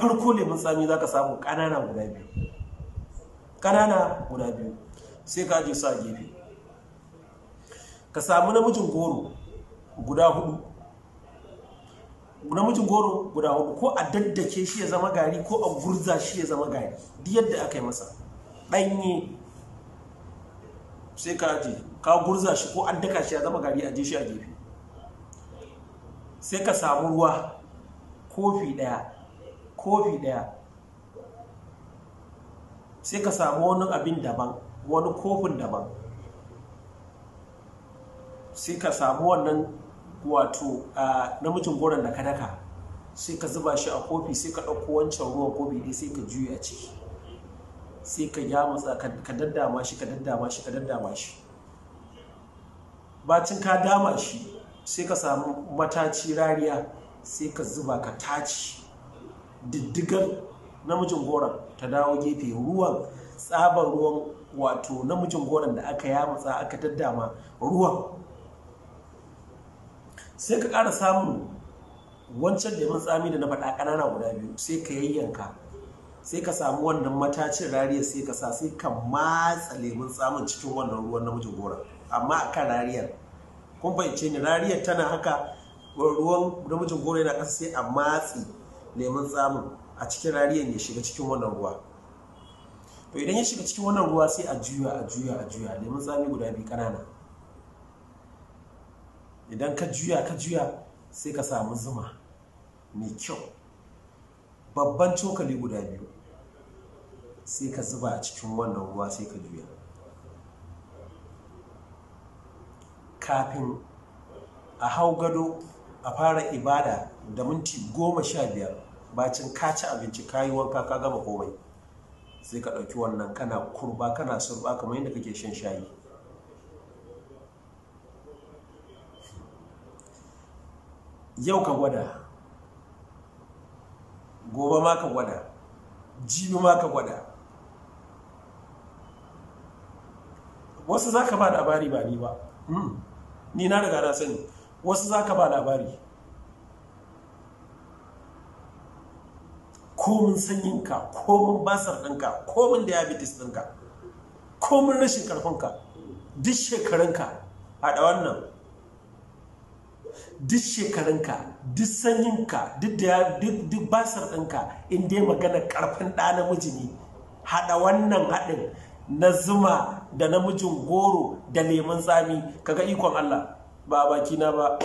farko lemun tsami za ka samu ƙanana guda biyu ƙanana guda biyu sai ka je su a gefe ka samu namijin goro guda hudu namijin goro guda hudu ko a daddake shi ya zama gari ko a gurza shi ya zama gari duk yadda aka yi masa ɗanye sai ka aje ka gurza shi ko an daka shi ya zama gari a je shi a gefe sai ka samu ruwa kofi ɗaya kofi ɗaya sai ka samu wani abin daban wani kofin daban sai ka samu wannan wato a namijin goron da ka daka sai ka zuba shi a kofi sai ka ɗauko wancan ruwan kofi dai sai ka juya ciki sai ka yamutsa ka daddama shi ka daddama shi ka daddama shi bacin ka dama shi sai ka samu mataci rariya sai ka zuba ka taci diddigar namijin goron ta dawo gefe ruwan tsabar ruwan wato namijin goron da aka yamutsa aka daddama ruwan sai ka kara samun wancan lemun tsami da na faɗa ƙanana guda biyu sai ka yayyanka sai ka samu wannan matacin rariya sai ka sa sai ka matsa lemun tsamin cikin wannan ruwan namijin goron amma a kan rariyar kun fahimce ni rariyar tana haka ruwan namijin goro yana ƙasa sai a matsi lemun tsamin a cikin rariyar ya shiga cikin wannan ruwa to idan ya shiga cikin wannan ruwa sai a juya a juya a juya lemun tsami guda biyu ƙanana idan ka juya ka juya sai ka samu zuma mai kyau babban cokali guda biyu sai ka zuba a cikin wannan ruwa sai ka juya kafin a hau gado a fara ibada da minti goma sha biyar bacin ka ci abinci ka yi wanka ka gama komai sai ka ɗauki wannan kana kurba kana surba kamar yadda kake shan shayi yau ka gwada gobe ma ka gwada jibi ma ka gwada wasu za ka ba da abari ba ni ba hmm, ni na daga na sani wasu za ka ba labari komin sanyinka komin basar ɗinka komin diabetes ɗinka komin rashin ƙarfinka duk shekarunka haɗa wannan duk shekarunka duk sanyinka duk basar ɗinka inda ya magana ƙarfin ɗa namiji ne haɗa wannan haɗin na zuma da namijin goro da neman tsami kaga ikon Allah ba baki bakina ba